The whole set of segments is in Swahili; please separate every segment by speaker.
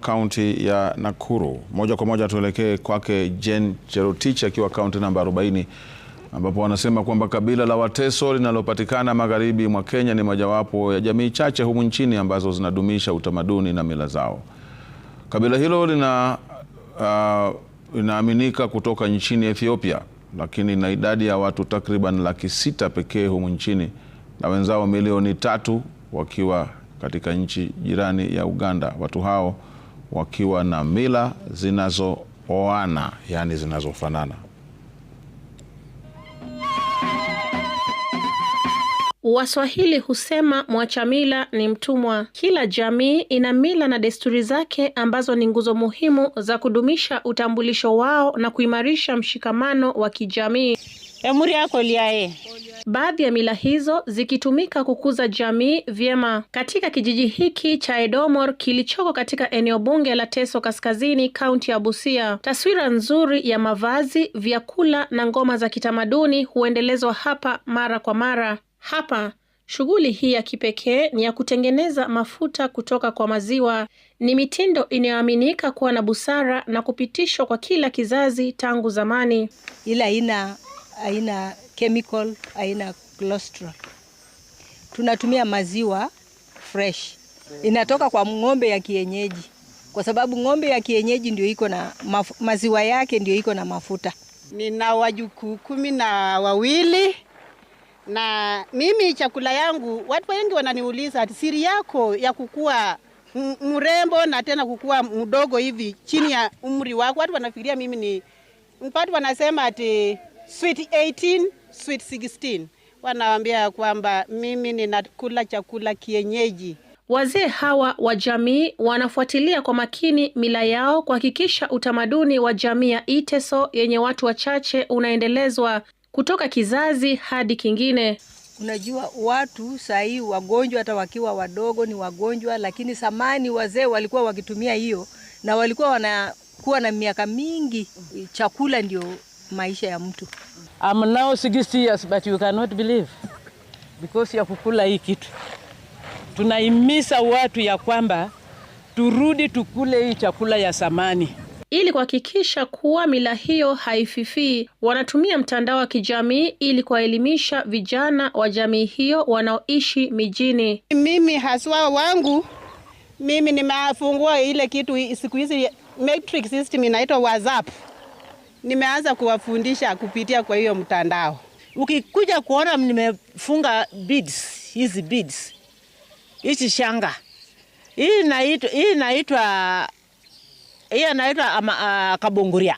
Speaker 1: Kaunti ya Nakuru. Moja kwa moja tuelekee kwake Jane Cherotich akiwa kaunti namba 40 ambapo wanasema kwamba kabila la Wateso linalopatikana magharibi mwa Kenya ni mojawapo ya jamii chache humu nchini ambazo zinadumisha utamaduni na mila zao. Kabila hilo lina uh, linaaminika kutoka nchini Ethiopia, lakini na idadi ya watu takriban laki sita pekee humu nchini na wenzao milioni tatu wakiwa katika nchi jirani ya Uganda. Watu hao wakiwa na mila zinazooana, yaani zinazofanana.
Speaker 2: Waswahili husema mwacha mila ni mtumwa. Kila jamii ina mila na desturi zake ambazo ni nguzo muhimu za kudumisha utambulisho wao na kuimarisha mshikamano wa kijamii.
Speaker 3: emuri yako liae
Speaker 2: baadhi ya mila hizo zikitumika kukuza jamii vyema. Katika kijiji hiki cha Edomor kilichoko katika eneo bunge la Teso Kaskazini, kaunti ya Busia, taswira nzuri ya mavazi, vyakula na ngoma za kitamaduni huendelezwa hapa mara kwa mara. Hapa shughuli hii ya kipekee ni ya kutengeneza mafuta kutoka kwa maziwa. Ni mitindo inayoaminika kuwa na busara na kupitishwa kwa kila kizazi tangu zamani.
Speaker 3: Ila aina aina chemical aina cholesterol. Tunatumia maziwa fresh inatoka kwa ng'ombe ya kienyeji, kwa sababu ng'ombe ya kienyeji ndio iko na maziwa yake ndio iko na mafuta.
Speaker 4: Nina wajukuu kumi na wawili na mimi chakula yangu, watu wengi wananiuliza siri yako ya kukua mrembo na tena kukua mdogo hivi chini ya umri wako. Watu wanafikiria mimi ni watu wanasema ati sweet 18, sweet 16. Wanawambia kwamba mimi ninakula chakula kienyeji.
Speaker 2: Wazee hawa wa jamii wanafuatilia kwa makini mila yao kuhakikisha utamaduni wa jamii ya Iteso yenye watu wachache unaendelezwa kutoka kizazi hadi kingine.
Speaker 3: Unajua, watu sahii wagonjwa, hata wakiwa wadogo ni wagonjwa, lakini samani wazee walikuwa wakitumia hiyo na walikuwa wanakuwa na miaka mingi, chakula ndio maisha ya mtu.
Speaker 5: I'm now 60 years but you cannot believe because ya kukula hii kitu. Tunaimisa watu ya kwamba turudi tukule hii chakula ya samani.
Speaker 2: Ili kuhakikisha kuwa mila hiyo haififii, wanatumia mtandao wa kijamii ili kuwaelimisha vijana wa jamii hiyo wanaoishi mijini.
Speaker 4: Mimi haswa wangu, mimi nimefungua ile kitu siku hizi matrix system inaitwa WhatsApp nimeanza kuwafundisha kupitia kwa hiyo mtandao.
Speaker 3: Ukikuja kuona nimefunga beads, hizi beads, hizi shanga, hii inaitwa hii inaitwa hii inaitwa uh, ah, kabunguria.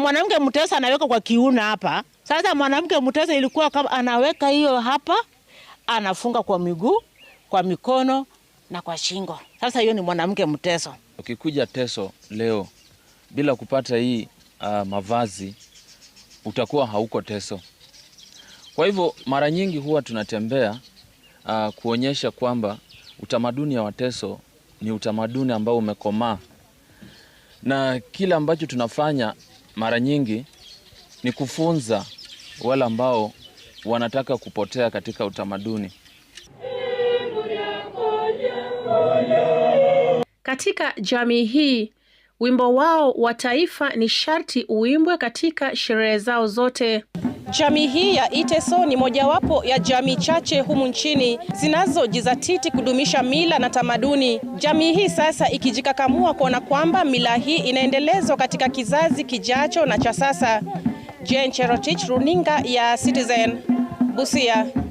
Speaker 3: Mwanamke mtesa anaweka kwa kiuno hapa. Sasa mwanamke mtesa ilikuwa kama anaweka hiyo hapa, anafunga kwa miguu, kwa mikono na kwa shingo. Sasa hiyo ni mwanamke mteso.
Speaker 6: Ukikuja teso leo bila kupata hii uh, mavazi utakuwa hauko Teso. Kwa hivyo mara nyingi huwa tunatembea uh, kuonyesha kwamba utamaduni wa Wateso ni utamaduni ambao umekomaa, na kila ambacho tunafanya mara nyingi ni kufunza wale ambao wanataka kupotea katika utamaduni.
Speaker 2: Katika jamii hii Wimbo wao wa taifa ni sharti uimbwe katika sherehe zao zote. Jamii hii ya Iteso ni mojawapo ya jamii chache humu nchini zinazojizatiti kudumisha mila na tamaduni. Jamii hii sasa ikijikakamua kuona kwamba mila hii inaendelezwa katika kizazi kijacho na cha sasa. Jane Cherotich, runinga ya Citizen, Busia.